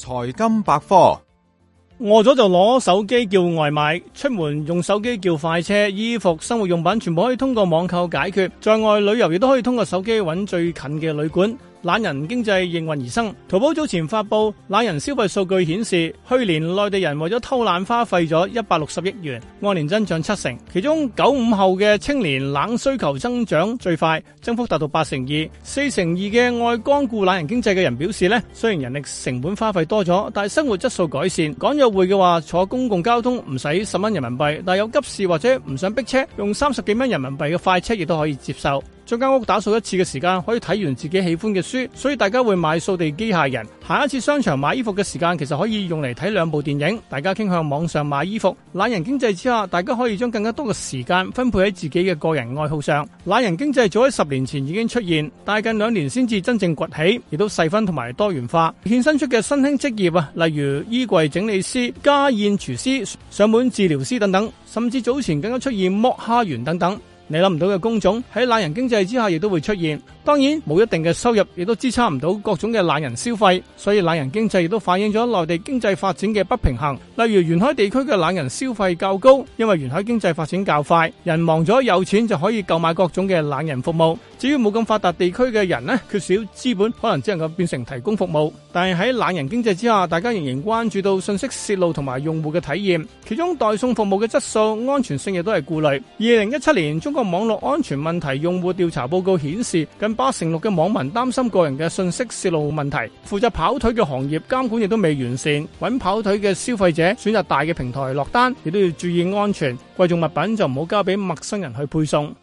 財金百科，餓咗就攞手機叫外賣，出門用手機叫快車，衣服、生活用品全部可以通過網購解決，在外旅遊亦都可以通過手機揾最近嘅旅館。懶人經濟應運而生。淘寶早前發佈懶人消費數據顯示，去年內地人為咗偷懶花費咗一百六十億元，按年增長七成。其中九五後嘅青年懶需求增長最快，增幅達到八成二。四成二嘅愛光顧懶人經濟嘅人表示呢，雖然人力成本花費多咗，但係生活質素改善。趕約會嘅話，坐公共交通唔使十蚊人民幣，但係有急事或者唔想逼車，用三十幾蚊人民幣嘅快車亦都可以接受。將間屋打掃一次嘅時間可以睇完自己喜歡嘅書，所以大家會買掃地機械人。下一次商場買衣服嘅時間，其實可以用嚟睇兩部電影。大家傾向網上買衣服。懶人經濟之下，大家可以將更加多嘅時間分配喺自己嘅個人愛好上。懶人經濟早喺十年前已經出現，但係近兩年先至真正崛起，亦都細分同埋多元化。衍生出嘅新興職業啊，例如衣櫃整理師、家宴廚師、上門治療師等等，甚至早前更加出現剝蝦員等等。你諗唔到嘅工種喺懶人經濟之下亦都會出現，當然冇一定嘅收入，亦都支撐唔到各種嘅懶人消費，所以懶人經濟亦都反映咗內地經濟發展嘅不平衡。例如沿海地區嘅懶人消費較高，因為沿海經濟發展較快，人忙咗有錢就可以購買各種嘅懶人服務。至於冇咁發達地區嘅人呢，缺少資本，可能只能夠變成提供服務。但係喺懶人經濟之下，大家仍然關注到信息泄露同埋用戶嘅體驗，其中代送服務嘅質素、安全性亦都係顧慮。二零一七年中國網絡安全問題用戶調查報告顯示，近八成六嘅網民擔心個人嘅信息泄露問題。負責跑腿嘅行業監管亦都未完善。揾跑腿嘅消費者選擇大嘅平台落單，亦都要注意安全。貴重物品就唔好交俾陌生人去配送。